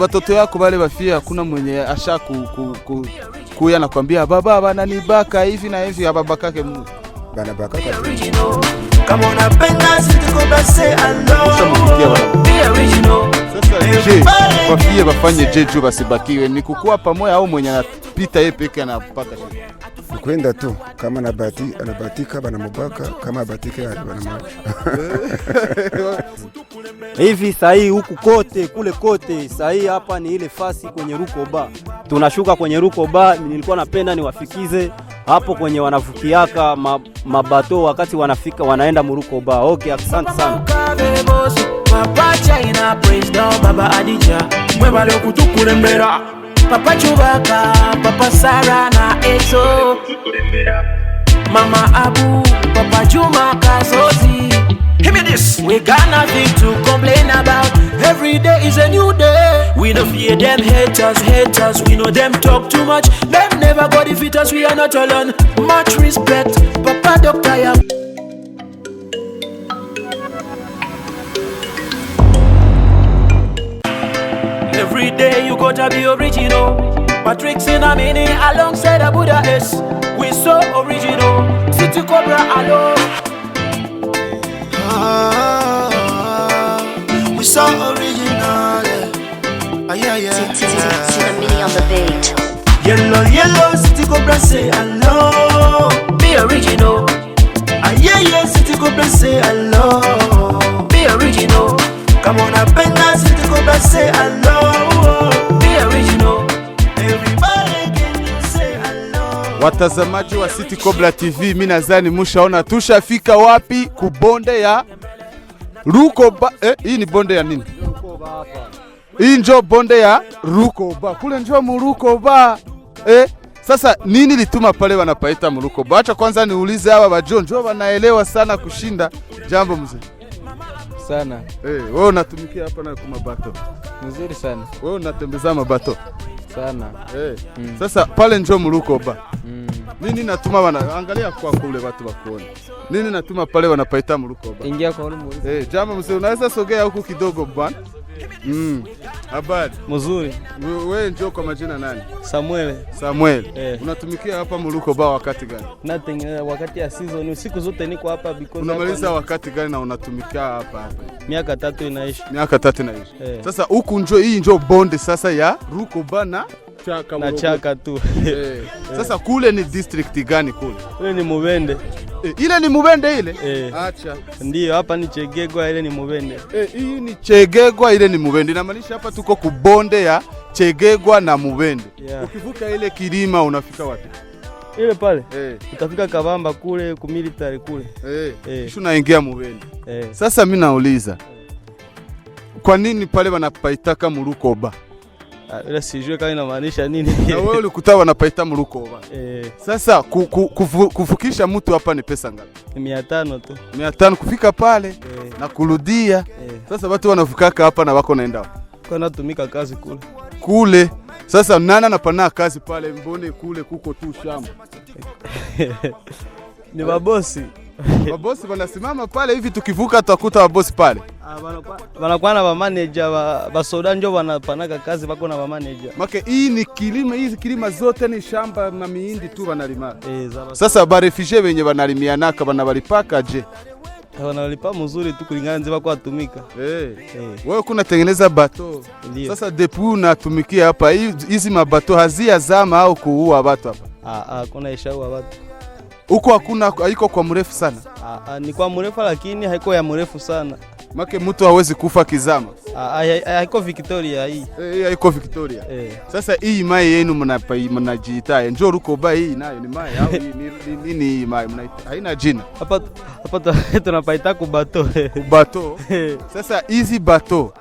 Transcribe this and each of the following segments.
Watoto yako wale wafia, hakuna mwenye asha ku, ku, ku, kuya na kwambia baba bana nibaka hivi na hivi, ababakake Mungu bana baka kama unapenda situko basi alone Je, wafie wafanye je juu basibakiwe ni kukua pamoja au mwenye anapita yeye peke anapata shida? kwenda tu kama nabati, anabatika mubaka kama abatika banamwacha hivi sahii huku kote kule kote. Sahii hapa ni ile fasi kwenye ruko ba tunashuka kwenye ruko ba Nilikuwa napenda niwafikize hapo kwenye wanavukiaka mabato wakati wanafika wanaenda Murukoba. Okay, asante sana. Papa Chewbacca, Papa Sara na eto Mama Abu, Papa Juma Kazozi Give me this. We got nothing to complain about. Every day is a new day. We don't fear them haters, haters. We know them talk too much. Them never go defeat us. We are not alone. Much respect, Papa Doctor. Yeah. day you gotta be original. Matrix in a mini alongside a Buddha S. We so original. City Cobra alone. Ah, we so original. Ah, yeah, yeah. City on the beat. Yellow, yellow, City Cobra say hello. Be original. Ah, yeah, yeah, City Cobra say hello. Be original. Come on, I bend that City Cobra say hello. watazamaji wa City Cobra TV, mimi nadhani mushaona tushafika wapi kubonde ya Rukoba. Eh, hii ni bonde ya nini? Hii njo bonde ya Rukoba, kule njo Murukoba. Eh, sasa nini lituma pale wanapaita Murukoba? Acha kwanza niulize hawa wajo njo wanaelewa sana kushinda jambo mzee sana. Hey, eh, wewe unatumikia hapa na kuma bato nzuri sana. Wewe unatembeza mabato sana. Hey. Eh, mm. Sasa pale njo mruko ba mm. Nini natuma wana angalia kwa kule watu wakuone. Nini natuma pale wanapaita mruko ba. Ingia kwa ule muulize. Eh, hey, jamaa mzee unaweza sogea huku kidogo bwana. Mm. Habari. Mzuri. Wewe njoo kwa majina nani? Samuel. Samuel. Eh. Unatumikia hapa Muluko Bar wakati gani? Nothing, eh, wakati ya season siku zote niko hapa because Unamaliza wakati gani na unatumikia hapa hapa? Miaka tatu inaishi. Miaka tatu inaishi. Eh. Sasa huku njoo hii njoo bonde sasa ya Ruko Bar na Chaka na Chaka tu. Eh. eh. Sasa kule ni district gani kule? Kule ni Mubende. E, ile ni Mubende ile? E. Acha. Ndio, hapa ni Chegegwa ile ni Mubende. Eh, hii ni Chegegwa ile ni Mubende. Inamaanisha hapa tuko kubonde ya Chegegwa na Mubende. Yeah. Ukivuka ile kilima unafika wapi? Ile pale. E. Utafika Kabamba kule ku military kule. Eh. E. Kisha unaingia Mubende. E. Sasa mimi nauliza. E. Kwa nini pale wanapaitaka Murukoba? Bila ah, sijue kama inamaanisha nini. Na wewe ulikuta wanapaita mruko bana. Eh. Sasa ku, ku, kufu, kufukisha mtu hapa ni pesa ngapi? Ni 500 tu. 500 kufika pale e, na kurudia. E. Sasa watu wanafukaka hapa na wako naenda. Kwa natumika kazi kule. Kule. Sasa nana napana kazi pale mbone kule kuko tu shamba. Ni mabosi. Wabosi wanasimama pale hivi, tukivuka tutakuta wabosi pale ah, wanakuwa na manager wa soda njo wanapanaka kazi wako na manager. Make hii ni kilima, hizi kilima zote ni shamba na mihindi tu wanalima. Eh, sasa ba refugee wenye wanalimianaka wanabalipaka je? Eh, wanalipa mzuri tu kulingana nzi bako atumika. Eh. eh. Wewe kuna tengeneza bato. Sasa depuis unatumikia hapa hizi mabato hazia zama au kuua watu hapa? Ah ah, kuna ishaua watu huko hakuna, haiko kwa mrefu sana. Aa, ah, ah, ni kwa mrefu lakini haiko ya mrefu sana make mtu hawezi kufa kizama. Ah, haiko Victoria hii, eh, eh, haiko Victoria. Eh. Sasa hii mai yenu mnajiita njo ruko ba, hii nayo ni mai au ni nini? Hii mai haina jina hapa, hapa tunapaita kubato, kubato. Sasa hizi bato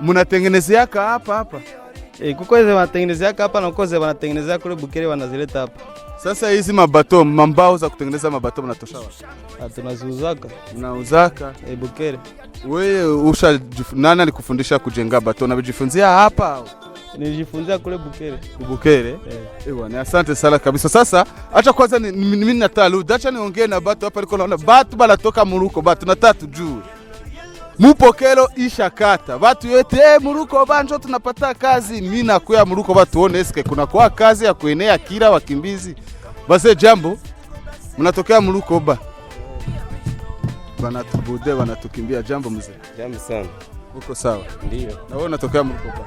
mnatengenezeaka hapa hapa kuko ze wanatengenezeaka hapa na kuko ze wanatengenezea kule Bukere wanazileta hapa sasa hizi mabato mambao za kutengeneza mabato mnatosha wapi? Ah, tunaziuzaka. Mnauzaka? Eh, Bukere. Wewe usha jif... nani alikufundisha kujenga bato? Unajifunzia hapa au? Nilijifunzia kule Bukere. Bukere? Eh. Eh, bwana, asante sana kabisa. Sasa acha kwanza mimi ni, natalu, dacha niongee na bato hapa liko naona bato bala toka muruko bato na tatu juu. Mupokelo isha kata. Watu yote eh, muruko banjo tunapata kazi. Mimi nakuya muruko watu one eske kuna kwa kazi ya kuenea kila wakimbizi basi eh, jambo, mnatokea Mulukoba, wanatubude wanatukimbia. Jambo mzee. Jambo sana. Uko sawa? Ndio. Na wewe unatokea Mulukoba?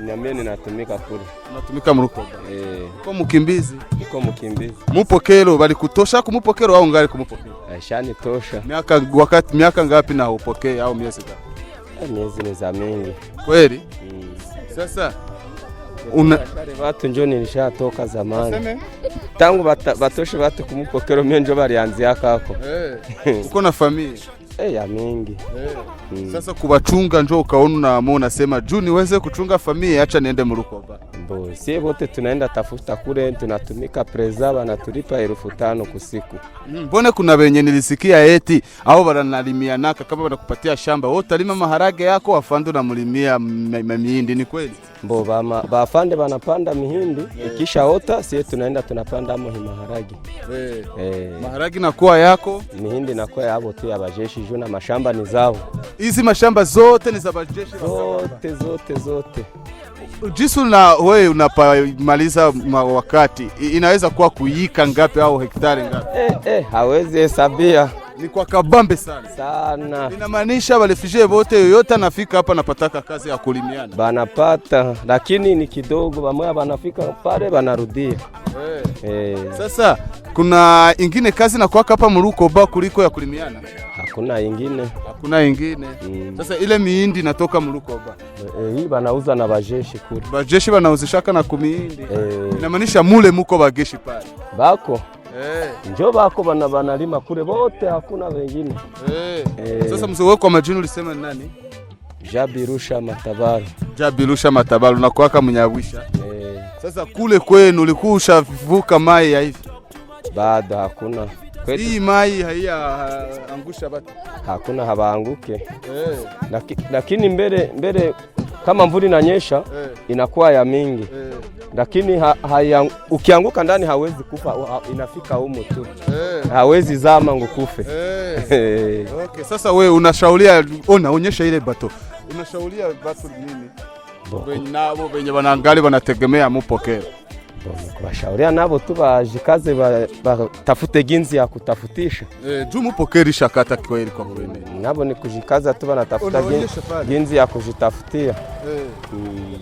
Na mimi ninatumika kule. Unatumika Mulukoba? Eh. Uko mkimbizi? Uko mkimbizi. Mupo kero bali kutosha kumupo kero au ngali kumupo kero? Shani tosha. Miaka wakati miaka ngapi na upokee au miezi ngapi? Eh, miezi ni za mingi. Kweli? Mm. Sasa una watu njoni nishatoka zamani. Aseme tangu batoshe bate kumupokero mie bari barianzi yakako eh uko na familia eh ya mingi hey. Eh. hmm. Sasa kubachunga njo ukaona na namo unasema juu niweze kuchunga familia acha niende murukoba bo si bote tunaenda tafuta kule tunatumika preza banatulipa elfu tano kusiku hmm, mbone mm. kuna benye nilisikia eti au ao naka kama bana kupatia shamba wote wotalima maharage yako afandu na mlimia mimi ndi ni kweli mbo bafande ba banapanda mihindi yeah. ota sie tunaenda tunapanda amo maharagi hey. Eh. Eh. Hey. Maharagi nakuwa yako mihindi na nakuwa yabo tu ya bajeshi juu na mashamba ni zao. Hizi mashamba zote ni za bajeshi zote zote zote. Jisu na we unapamaliza wakati inaweza kuwa kuyika ngapi au hektari ngapi? eh, eh, hawezi hesabia ni kwa kabambe sana sana. Inamaanisha wale fije wote, yoyote anafika hapa anapataka kazi ya kulimiana banapata, lakini ni kidogo, bamwe banafika pale banarudia. hey. Eh. Eh. hey. Sasa kuna ingine kazi na kwa hapa murukoba kuliko ya kulimiana? Hakuna ingine, hakuna ingine. Hmm. Sasa ile miindi natoka murukoba hii eh, hey, hii banauza na bajeshi kule, bajeshi banauzishaka na kumiindi. Hey. Inamaanisha mule muko bageshi pale bako Eh. Njo bako bana banalima kule bote, hakuna wengine hey. Eh. Eh. Hey. Sasa mzee wako majini ulisema ni nani? Jabirusha Matabaru. Jabirusha Matabaru nakwaka mnyawisha hey. Sasa kule kwenu ulikuwa ushavuka mai ya hivi? Bado hakuna hii mai haiyaangusha batu, hakuna habaanguke hey. Eh. Laki, lakini mbele mbele kama mvula inanyesha hey. Eh. inakuwa ya mingi eh. Lakini ha, hayang, ukianguka ndani hawezi kufa ha, inafika humo tu hey. hawezi zama ngukufe hey. Okay, sasa we unashaulia ona, onyesha ile bato, unashaulia bato nini nabo venye wanangali wanategemea mupokea kubashauria nabo tubaje kazi batafute ginzi ya kutafutisha eh, juu kweli kwa nabo ni kujikaza tu banatafuta ginzi ya kujitafutia eh. Mm.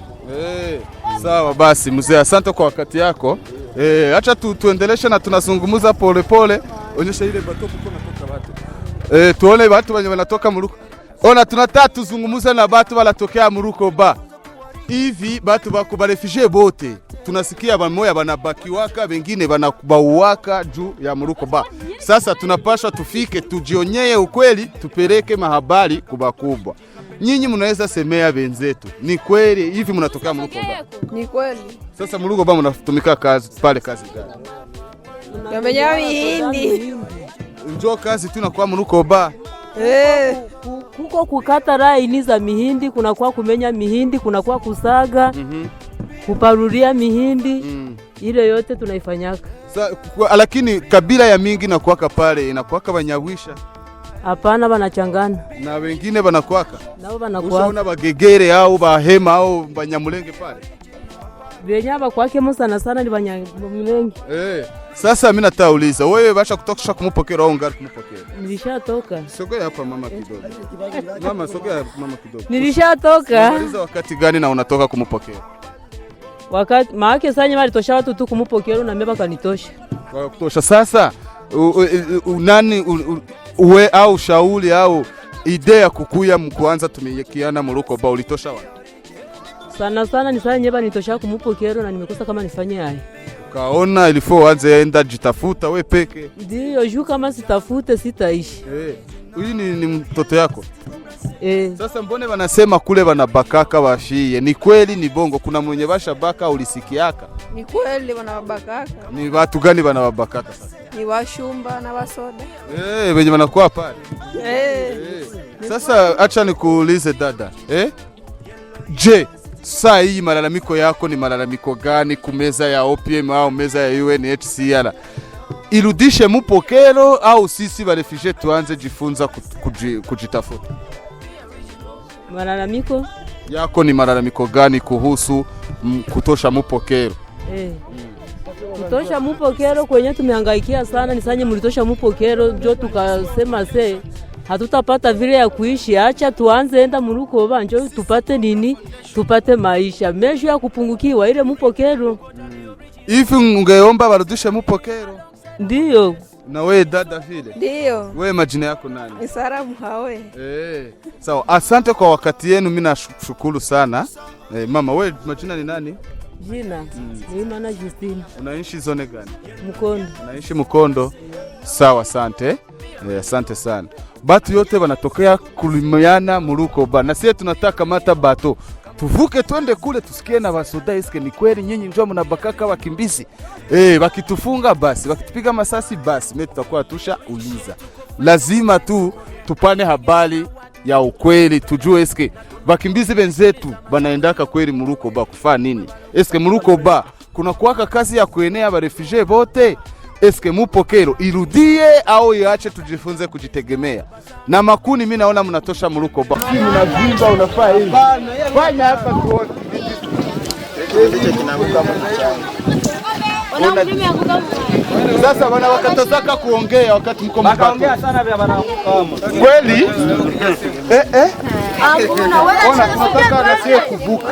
Eh. Mm. Sawa basi mzee, asante kwa wakati yako eh, acha tu, tuendeleshe na tunazungumza polepole, onyesha ile bato kuko natoka watu eh, tuone watu wenye wanatoka muruko, ona tunataka tuzungumuze na watu walatokea muruko ba hivi batu bako barefugee bote tunasikia bamoya banabakiwaka bengine banabauwaka juu ya muruko ba. Sasa tunapashwa tufike tujionyeye ukweli, tupereke mahabari kubakubwa. Nyinyi mnaweza semea benzetu, ni kweli hivi mnatokea muruko ba? Ni kweli. Sasa muruko ba mnatumika kazi pale, kazi gani? Yamenyawi hindi njo kazi tunakuwa muruko ba eh kuko kukata laini za mihindi, kunakuwa kumenya mihindi, kunakuwa kusaga mm -hmm. kuparuria mihindi mm. Ile yote tunaifanyaka sa, kwa, lakini kabila ya mingi inakuwaka pale inakuwaka wanyawisha Hapana, banachangana na wengine banakwaka nao banakwaka. Ushaona bagegere au bahema au banyamulenge pale, venye bakwakemo sana sana ni banyamulenge eh. Sasa mimi natauliza wewe basha kutoka kutosha kumpokea au ngapi kumpokea? Nilishatoka. Sogea hapa mama kidogo. Mama sogea mama kidogo. Nilishatoka. Unaweza wakati gani na unatoka kumpokea? Wakati maake sanya mali tosha watu tu kumpokea na mbeba kanitosha. Kwa kutosha sasa unani uwe au shauli au idea kukuya mkuanza tumiyekiana muruko ba ulitosha wapi? Sana sana nisanye nyeba nitosha kumpokea na nimekosa kama nifanye haya. Ukaona ilifo uanze enda jitafuta we peke. Ndiyo, juu kama sitafute sitaishi. Eh. Huyu ni, ni mtoto yako? Eh. Sasa mbone wanasema kule wanabakaka washie. Ni kweli ni bongo kuna mwenye basha baka ulisikiaka? Ni kweli wanabakaka. Ni watu gani wanabakaka sasa? Ni washumba na wasoda. Eh, wenye wanakuwa pale. Eh. eh. Sasa acha nikuulize dada. Eh? Je, saa hii malalamiko yako ni malalamiko gani ku meza ya OPM au meza ya UNHCR? Irudishe mupokero au sisi barefije tuanze jifunza kujitafuta? Malalamiko yako ni malalamiko gani kuhusu m, kutosha mupokero eh? Kutosha mupokero kwenye tumehangaikia sana, ni sanye, mulitosha mupokero jo tukasema se hatutapata vile ya kuishi, acha tuanze enda muruko banjo tupate nini, tupate maisha mesho ya kupungukiwa ile mupokero hivi. Mm. Ungeomba barudishe mupokero? Ndiyo. Na we dada vile? ndio, We majina yako nani? Misara Mhawe. Eh. Sawa, asante kwa wakati yenu, mimi nashukuru sana. Eh, mama we majina ni nani? Jina mm. ni Justine. Unaishi zone gani? Mkondo. Unaishi Mkondo. Sawa, asante. Eh, asante eh, sana. Batu yote wanatokea kulimiana muruko ba, na sie tunataka mata bato tuvuke twende kule tusikie na wasoda iske ni kweli nyinyi ndio mnabakaka wakimbizi eh, wakitufunga basi, wakitupiga masasi basi, mimi tutakuwa tusha uliza. Lazima tu tupane habari ya ukweli tujue eske bakimbizi benzetu banaendaka kweli muruko ba kufaa nini? Eske muruko ba kuna kuwaka kazi ya kuenea barefugee bote eske mupo kero irudie au iache, tujifunze kujitegemea na makuni. Mimi naona mnatosha mruko ba unavimba, unafaa hivi yaani fanya hapa tuone sasa wana wakatazaka kuongea wakati mko mpaka kweli, eh eh, ah, tunataka nasie kuvuka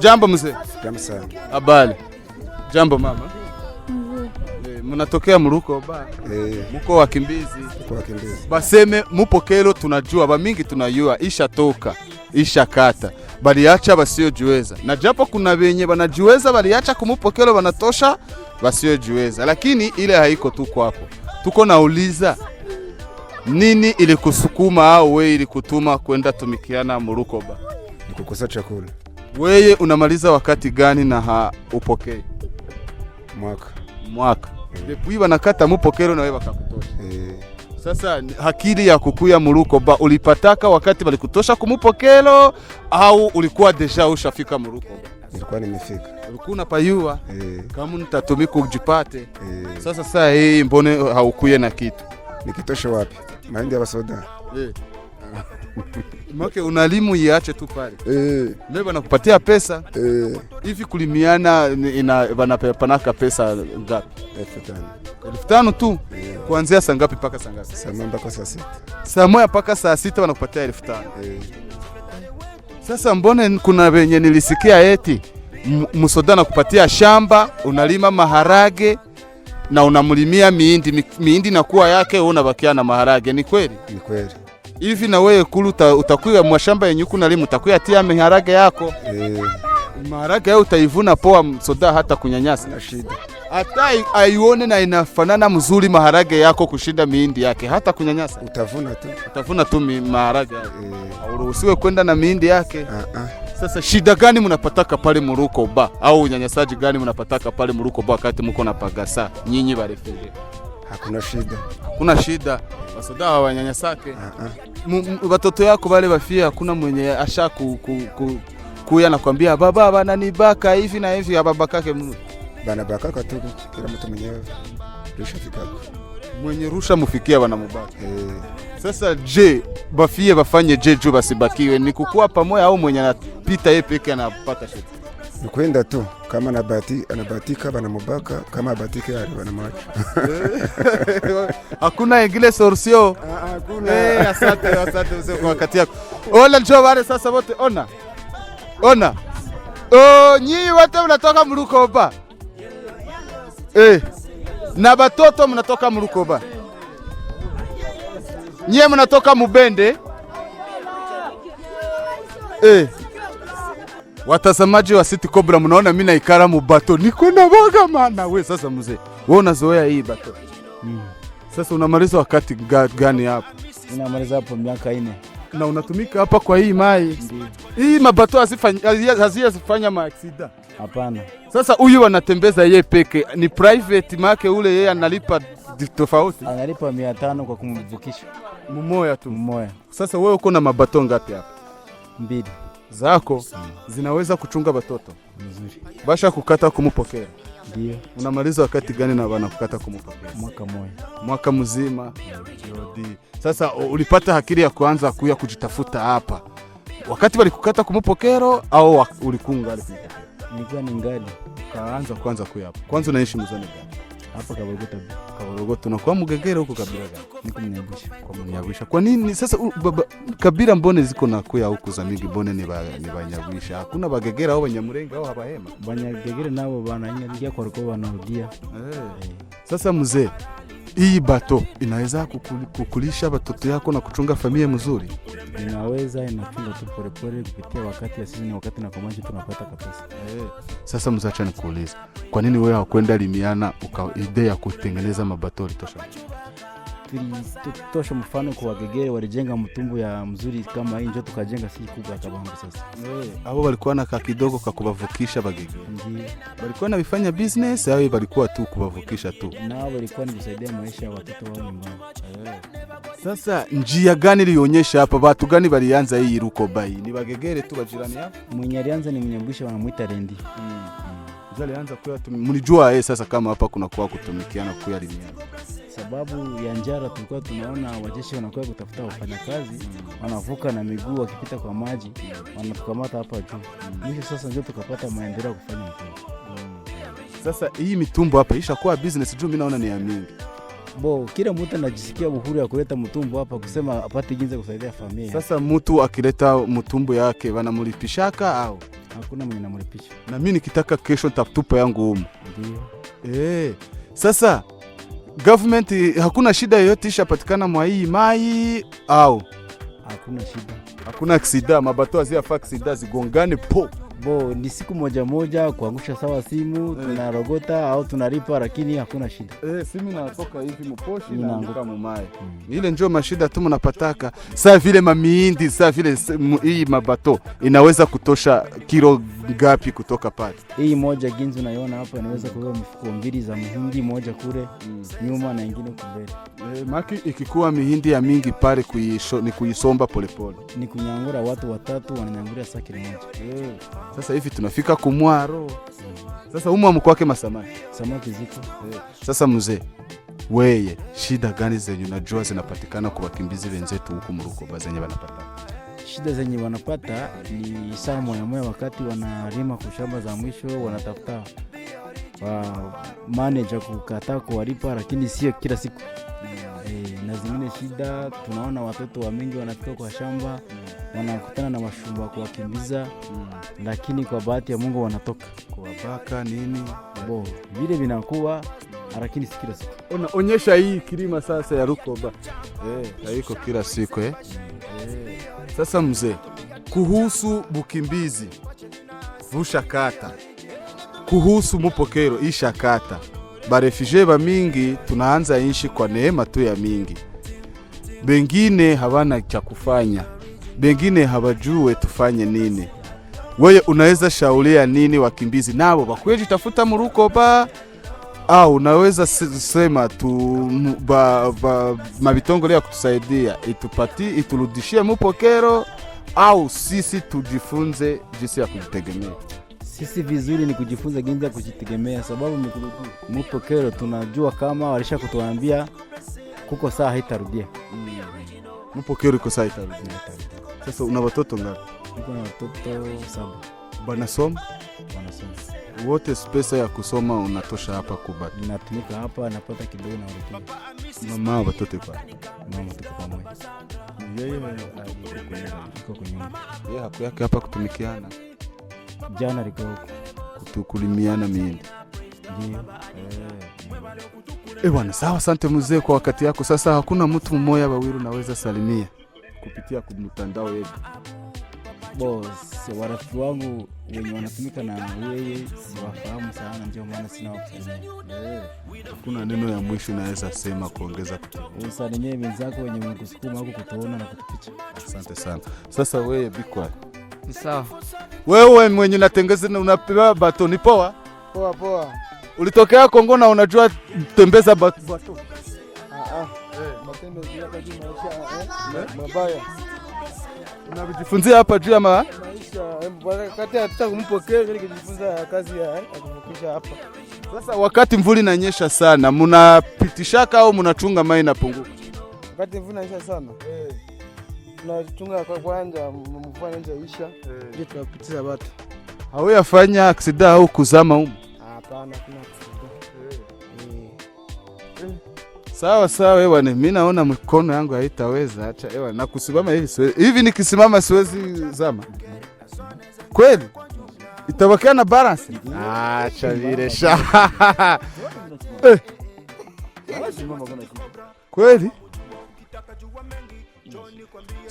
Jambo mzee. Jambo sana. Habari. Jambo mama. Eh, mnatokea mruko ba. Eh. Mko wakimbizi. Mko wakimbizi. Baseme mupokelo tunajua, ba mingi tunayua, isha toka, isha kata baliacha basiojiweza, na japo kuna benye banajiweza baliacha kumupokelo banatosha basiojiweza, lakini ile haiko tu kwako. Tuko nauliza nini ilikusukuma au we ilikutuma kwenda tumikiana murukoba? Nikukosa chakula. Weye unamaliza wakati gani na haupokei? Mwaka mwaka, mm. Depuis banakata mupokelo na wewe bakakutosha eh. Sasa hakili ya kukuya Murukoba ulipataka wakati balikutosha kumupokelo au ulikuwa deja ushafika Murukoba? Nilikuwa nimefika. Ulikuwa unapayua e, kama nitatumika ujipate e. Eh. Sasa saa hii mbone haukuye na kitu, nikitosha wapi mahindi ya basoda e. Mwake unalimu iache tu pale. Eh. Leo wanakupatia pesa. Eh. Hivi kulimiana ina wanapanaka pesa ngapi? Elfu tano. Elfu tano tu. Eh. Kuanzia saa ngapi mpaka saa ngapi? Saa moja mpaka saa sita. Saa moja mpaka saa sita wanakupatia elfu tano. Eh. Sasa mbone kuna wenye nilisikia eti msoda nakupatia shamba unalima maharage na unamlimia mihindi mihindi nakuwa yake, unabakia na maharage. Ni kweli? Ni kweli hivi na wewe kulu utakuya mwashamba yenye huku limu utakuya tia miharage yako eh. Maharage yao utaivuna poa soda hata kunyanyasa na shida hata aione na inafanana mzuri maharage yako kushinda mihindi yake hata kunyanyasa utavuna tu utavuna tu maharage eh. e. Uruhusiwe kwenda na mihindi yake uh -uh. Sasa shida gani mnapataka pale muruko ba au unyanyasaji gani mnapataka pale muruko ba wakati mko na pagasa nyinyi barefere hakuna shida, hakuna shida basodaha wanyanyasake uh ah, -uh. Ah. yako wale wafia hakuna mwenye asha ku, ku, ku, kuya nakwambia baba bana nibaka hivi na hivi, ababakake bana tu, kila mtu mwenye rusha fikako mwenye rusha mufikia bana mubaka eh. Sasa je bafie bafanye je juu basibakiwe ni kukuwa pamoja au mwenye anapita yeye peke anapata shida ni kwenda tu, kama anabati, anabatika banamubaka, kama abatike ari banamwacha eh. hakuna ingile sorsio. Hey, ah, ah, eh, asante asante mzee kwa wakati yako. Ola njoo wale sasa wote, ona ona, oh, nyinyi wote mnatoka mrukoba eh, na batoto mnatoka mrukoba, nyie mnatoka mubende eh watazamaji wa City Cobra, mnaona mimi naikara mubato niko na boga maana. We sasa mzee, wewe unazoea hii bato mm. Sasa unamaliza wakati gani hapo? Unamaliza hapo miaka ine na unatumika hapa kwa hii mai hii mabato hazia zifanya maaksida hapana. Sasa huyu anatembeza ye peke ni private make, ule yeye analipa tofauti, analipa mia tano kwa kumvukisha mmoja tu mmoja. Sasa wewe uko na mabato ngapi hapa? Mbili zako zinaweza kuchunga watoto mzuri, basha kukata kumupokea. Ndio unamaliza wakati gani na bana kukata kumupokea? Mwaka mmoja, mwaka mzima. Ndio sasa ulipata akili ya kuanza kuya kujitafuta hapa wakati walikukata kumupokero au ulikunga? Nilikuwa ningali kaanza kwanza hapa Kwanza unaishi mzoni gani? Hapa Kabarogoto. Kabarogoto na kwa mugegere huko kabila gani? Niko Munyabusha. Kwa Munyabusha. Kwa nini sasa u, baba, kabila mbone ziko na kuya huko za mingi mbone ni ba, ni Banyabusha. Hakuna Bagegera au banyamurenga au Habahema. banyagegere nabo bana bananyagia kwa ruko wanaodia. Eh. Sasa mzee, hii bato inaweza kukulisha watoto yako na kuchunga familia mzuri? inaweza inafunga tu polepole kupitia wakati ya sizini, wakati na komaji tunapata kabisa. eh. sasa mzacha nikuuliza, kwa nini wewe hakwenda Limiana uka idea ya kutengeneza mabato litosha? tulitosha mfano kwa Wagegere walijenga mtumbu ya mzuri kama hii, njo tukajenga si kubwa Kabangu. Sasa eh, abo walikuwa na kidogo ka kubavukisha Bagegere walikuwa na vifanya business au walikuwa tu kubavukisha tu, nao walikuwa ni kusaidia maisha ya watoto wao nyumbani. Eh. Sasa njia gani ilionyesha hapa, watu gani walianza hii ruko bai? Ni Bagegere tu bajirani hapo. Mwenye alianza ni Mnyambusha, wanamuita Rendi mm. Mzali anza kuya mnijua yeye eh, sasa, kama hapa kuna kwa kutumikiana kuya limiana sababu ya njara tulikuwa tunaona wajeshi wanakuwa kutafuta wafanyakazi wanavuka na miguu wakipita kwa maji wanatukamata hapa juu mwisho. Sasa ndio tukapata maendeleo ya kufanya mtumbo. Sasa hii mitumbo hapa ishakuwa business juu mimi naona ni ya mingi bo, kila mtu anajisikia uhuru ya kuleta mtumbo hapa kusema apate jinsi ya kusaidia familia. Sasa mtu akileta mtumbo yake wanamlipishaka au hakuna mwenye namlipisha? Na mimi nikitaka kesho nitatupa yangu huko, ndio eh. Sasa government, hakuna shida yoyote ishapatikana mwa hii mai au hakuna shida? Hakuna aksida mabato aziafa aksida zigongane po bo ni siku moja moja kuangusha sawa simu eh, tunarogota au tunaripa lakini hakuna shida eh, simu inatoka hivi mposhi na anguka mumaye mm. Ile njoo mashida tu mnapataka saa vile mamiindi saa vile hii mabato inaweza kutosha kilo ngapi kutoka pale? Hii moja ginzi unaiona hapa inaweza kuwa mifuko mbili za mihindi, moja kule mm, nyuma na nyingine kubele eh, maki ikikuwa mihindi ya mingi pale kuisho, ni kuisomba polepole, ni kunyangura watu watatu wananyangura saki moja eh. Sasa hivi tunafika kumwaro sasa, umwa mkwake masamaki samaki ziko eh, sasa. Mzee weye, shida gani zenye najua zinapatikana kwa wakimbizi wenzetu huku Murukoba zenye wanapata? Shida zenye wanapata ni saa moyamoya wakati wanalima kushamba za mwisho wanatafuta wa ah, manager kukataa kuwalipa, lakini sio kila siku e, na zingine shida. Tunaona watoto wa mingi wanafika kwa shamba wanakutana na mashumba kuwakimbiza mm. Lakini kwa bahati ya Mungu wanatoka kuwabaka nini bo vile vinakuwa lakini si kila siku. Ona, onyesha hii kilima sasa ya Rukoba eh, haiko e, kila siku eh. e. Sasa mzee, kuhusu bukimbizi vushakata, kuhusu mupokero ishakata barefuge ba mingi tunaanza inshi kwa neema tu ya mingi. Bengine hawana cha kufanya, bengine hawajue tufanye nini. Weye unaweza shaulia nini wakimbizi nabo bakweje tafuta murukoba au unaweza sema tu ba, ba, mabitongole ya kutusaidia itupati iturudishie mupokero au sisi tujifunze jinsi ya kujitegemea. Sisi vizuri ni kujifunza jinsi ya kujitegemea, sababu mupo kero, tunajua kama walisha kutuambia kuko saa haitarudia. Mupo kero iko saa haitarudia. Sasa una watoto ngapi? Niko na watoto saba. Banasoma? Banasoma. Wote pesa ya kusoma unatosha hapa Kubat? Natumika hapa napata kidogo na ripoti. Mama watoto kwa? Mama tuko pamoja. Yeye iko kwenye kwenye. Yeye hapo yake hapa kutumikiana jana alikuwa kutukulimiana miindi ndio. Eh, eh bwana, sawa, asante mzee kwa wakati yako. Sasa hakuna mtu mmoja wawiru naweza salimia kupitia kumtandao yetu Boss, warafiki wangu wenye wanatumika na yeye siwafahamu sana, ndio maana sina wakusalimia. Eh, hakuna neno ya mwisho naweza sema kuongeza, usalimie wenzako wenye wanakusukuma huko kutuona na kutupicha. Asante sana. Sasa wewe Bikwa Sawa. Wewe mwenye natengeza unapewa bato ni poa. Poa poa. Ulitokea Kongo na unajua tembeza bato. Bato. Ah ah. Eh, matendo ya kazi maisha eh? mabaya. Unajifunzia hapa juu ama eh? maisha eh, kati hata kumpokea ili kujifunza kazi ya eh, kukuja hapa. Sasa wakati mvuli inanyesha sana, mnapitishaka au mnachunga mai inapunguka? Wakati mvuli inanyesha sana. Eh tunachunga kwa kwanza, mvua nje isha, eh. ndio tunapitiza watu. Au yafanya aksida au kuzama huko? Hapana, kuna aksida. Eh. Eh. Sawa sawa, ewa, mimi naona mikono yangu haitaweza, acha ewa, na kusimama hivi siwezi. Hivi nikisimama siwezi zama kweli, itabakia na balance. Acha vile sha kweli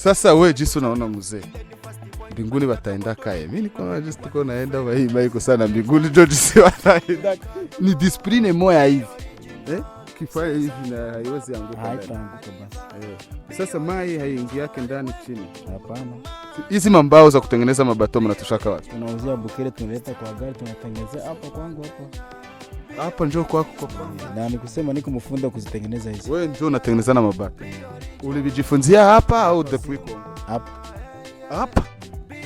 sasa we jinsi unaona mzee mbinguni wataenda kae, mimi niko na jinsi tuko naenda wa hii maiko sana mbinguni, jo jinsi wataenda ni discipline moja hivi eh, kifaya hivi na haiwezi anguka, haitaanguka basi. Eh, sasa mai haingi yake ndani chini, hapana. Hizi mambao za kutengeneza mabato mnatoshaka wapi? Tunauzia Bukire, tunaleta kwa gari, tunatengeneza hapa kwangu hapa hapa njoo kwako kwa. Na nikusema niko mfunda kuzitengeneza hizi. Wewe ndio unatengeneza na mabati. Ulijifunzia hapa au depuis Hapa. Hapa.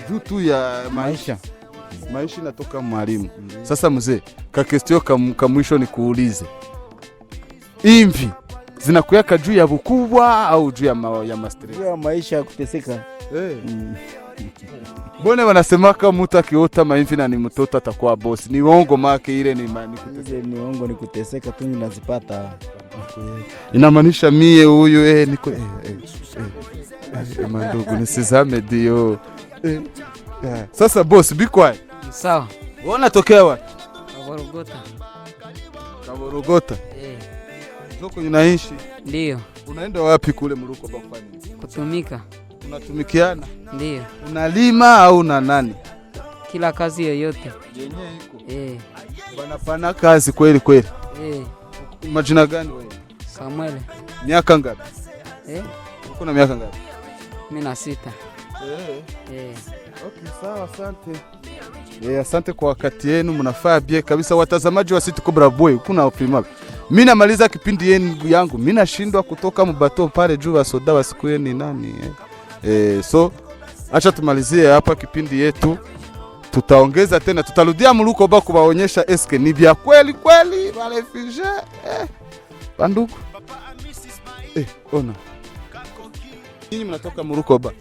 Juu tu ya maisha. Maisha inatoka mwalimu. Mm-hmm. Sasa mzee, ka kestio ka mwisho kuulize. Imvi zinakuyaka juu ya bukubwa au juu ya ma, ya mastre? Juu ya maisha kuteseka. Eh. Hey. Mm. Mbona wanasemaka mtu akiota maimvi na ni mtoto atakuwa bosi? Ni uongo make ile ni mani kuteseka. Ni uongo ni kuteseka tu nazipata. Inamaanisha mie huyu eh niko eh eh. eh. eh Mandugu nisizame dio. Eh. Yeah. Sasa boss be quiet. Sawa. Uona tokea wapi? Kaborogota. Kaborogota. Eh. Zoko unaishi? Ndio. Unaenda wapi kule muruko bakufanya? Kutumika tunatumikiana Ndio. Unalima au una nani? Kila kazi yoyote yenyewe iko. Eh. Bana pana kazi kweli kweli. Eh. Majina gani wewe? Samuel. Miaka ngapi? Eh. Uko na miaka ngapi? Mimi na sita. Eh. Eh. Okay, sawa, asante. Eh, asante kwa wakati yenu, mnafaa bie kabisa watazamaji wa City Cobra Boy. Kuna opima. Mimi namaliza kipindi yenu yangu. Mimi nashindwa kutoka mbato pale juu wa soda wa siku yenu ni nani? Eh. E, so acha tumalizie hapa kipindi yetu, tutaongeza tena, tutarudia muluko ba kubaonyesha eske ni vya kweli kweli wale fije eh, bandugu eh, ona nyinyi mnatoka murukoba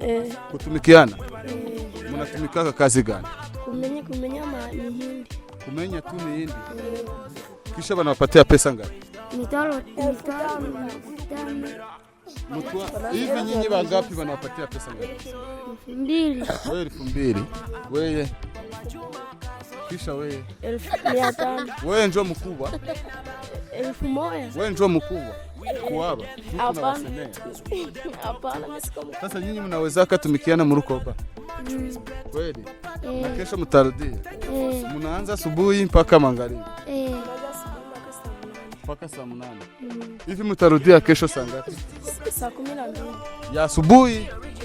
eh, kutumikiana eh, mnatumikaka kazi gani? kumenya kumenya ma ni hindi kumenya tu ni hindi eh. Kisha wanawapatia pesa ngapi? mitano mitano Hivi nyinyi wangapi wanawapatia pesa ngapi? Mbili. Wewe elfu mbili. Wewe. Kisha wewe. Elfu mia tano. Wewe ndio mkubwa. Elfu moja. Wewe ndio mkubwa. Kuaba. Hapana. Hapana. Sasa nyinyi mnaweza kutumikiana mruko hapa. Mm. Kweli. Mm. Na eh. kesho mtarudia. Mm. Mnaanza asubuhi mpaka magharibi. Mm mpaka saa mnane mm. hivi. Mtarudia kesho saa ngapi? Saa kumi na mbili ya asubuhi.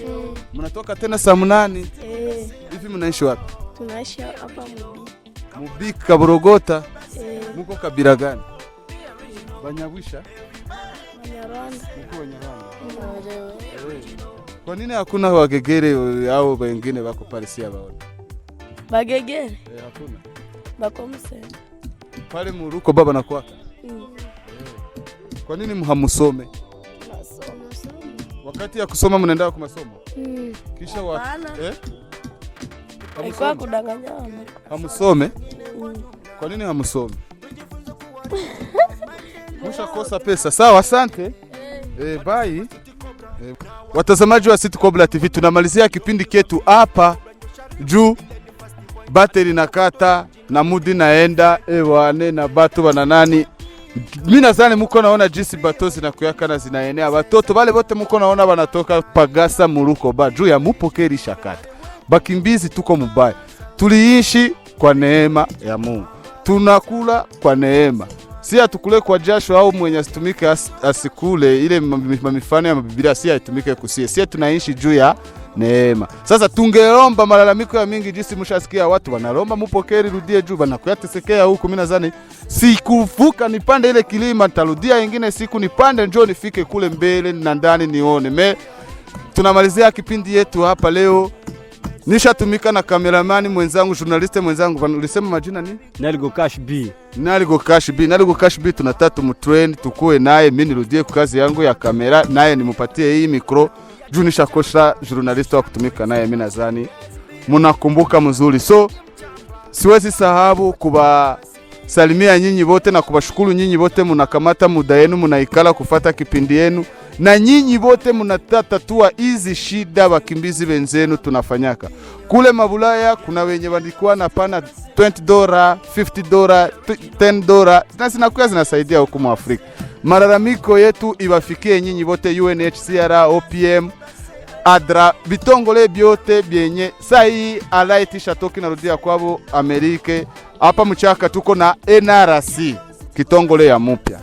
Mm. Mnatoka tena saa mnane eh. hivi Mnaishi wapi? Tunaishi hapa Mubiki. Mubiki Kaborogota eh. Muko kabila gani? Mm. Banyabwisha? Eh. Kwa nini hakuna Wagegere au wengine wako pale si abaona? Bagegere? Eh, hakuna. Bako msema. Pale muruko baba nakwaka mm. Kwa nini mhamusome? Wakati ya kusoma mnaenda kwa masomo mm. Kisha wa... eh? Hamusome mm. Kwa nini hamusome? Mushakosa pesa. Sawa, asante eh. eh, bye. Eh, watazamaji wa City Kobra TV tunamalizia kipindi ketu hapa juu bateri nakata na mudi naenda ewane na batu bananani mi nazani muko naona jinsi bato zinakuyaka na zinaenea batoto bale bote muko naona banatoka pagasa muruko ba juu ya mupokeri shakata bakimbizi tuko mubaya tuliishi kwa neema ya Mungu tunakula kwa neema si atukule kwa jasho au mwenye asitumike as, asikule ile mamifano ya mabibilia si haitumike kusie sie tunaishi juu ya neema. Sasa tungeomba malalamiko ya mingi jinsi mshasikia watu wanalomba mupokeri, rudie juu bana kuyatesekea huku. Mimi nadhani sikuvuka nipande ile kilima nitarudia ingine siku nipande njoo nifike kule mbele na ndani nione. Me tunamalizia kipindi yetu hapa leo. Nishatumika na kameramani mwenzangu, journaliste mwenzangu, ulisema majina nini? Naligo Cash B. Naligo Cash B. Naligo Cash B tunatatu mutrend tukue naye, mimi nirudie kazi yangu ya kamera naye nimupatie hii mikro juu nishakosha journalist wa kutumika naye, mimi nadhani mnakumbuka mzuri, so siwezi sahabu salimia nyinyi wote na kubashukuru nyinyi wote, mnakamata muda yenu mnaikala kufata kipindi yenu na nyinyi wote mnatatua hizi shida wakimbizi wenzenu tunafanyaka kule mabulaya. Kuna wenye walikuwa na pana 20 dola 50 dola 10 dola na zinakuwa zinasaidia huku Afrika. Malalamiko yetu iwafikie nyinyi wote, UNHCR, OPM, ADRA, bitongole byote byenye saa hii alaitisha toki narudia kwabo Amerike hapa mchaka tuko na NRC kitongole ya mupya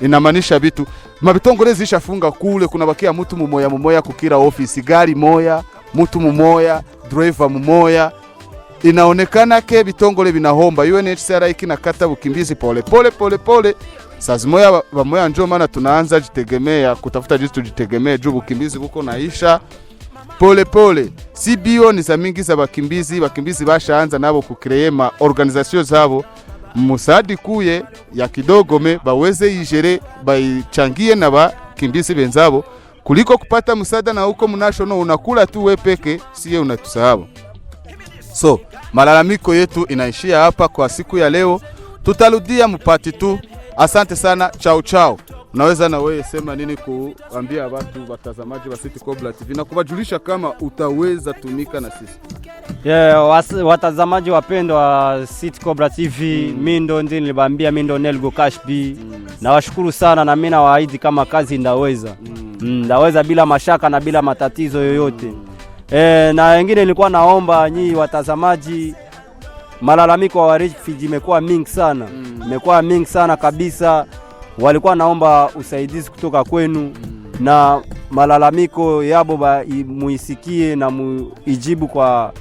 inamaanisha vitu mabitongole zishafunga kule, kuna bakia mtu mumoya mumoya kukira ofisi, gari moya mtu mumoya driver mumoya. Inaonekana ke bitongole binahomba. UNHCR ikinakata bukimbizi pole pole pole pole, sasa moya sazimoya moya njoo maana tunaanza jitegemea kutafuta jinsi tujitegemee juu bukimbizi huko naisha pole pole. CBO ni za mingi za bakimbizi, bakimbizi bashaanza nabo kukreema organization zabo musadi kuye ya kidogome baweze ijere bayichangie na bakimbizi benzabo kuliko kupata msaada na huko mnashono unakula tu we peke, siye unatusahau. So malalamiko yetu inaishia hapa kwa siku ya leo, tutarudia mpati tu. Asante sana, chao chao. Unaweza na wewe sema nini kuambia watu watazamaji wa City Cobra TV na kuwajulisha kama utaweza tumika na sisi? Yeah, was, watazamaji wapendwa City Cobra TV mm. Mimi ndo ndi nilibambia mimi ndo Nelgo B mm. Nawashukuru sana na mimi nawaahidi kama kazi ndaweza mm. Mm, ndaweza bila mashaka na bila matatizo yoyote mm. E, na wengine nilikuwa naomba nyinyi watazamaji malalamiko wa refugee imekuwa mingi sana mm. imekuwa mm. mingi sana kabisa walikuwa naomba usaidizi kutoka kwenu mm. na malalamiko yabo muisikie na muijibu kwa,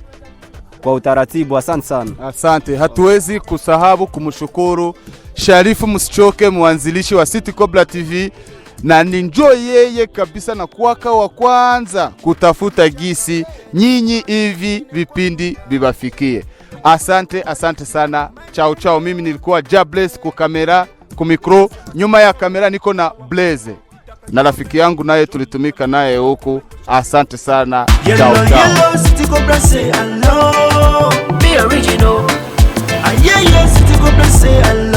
kwa utaratibu. Asante sana. Asante, hatuwezi kusahabu kumshukuru Sharifu Msichoke, mwanzilishi wa City Cobra TV na ni njo yeye kabisa na kuwaka wa kwanza kutafuta gisi nyinyi hivi vipindi vibafikie. Asante, asante sana, chao chao. Mimi nilikuwa Jables kwa kamera kumikro, nyuma ya kamera niko na Blaze na rafiki yangu naye tulitumika naye huku. Asante sana, chao chao.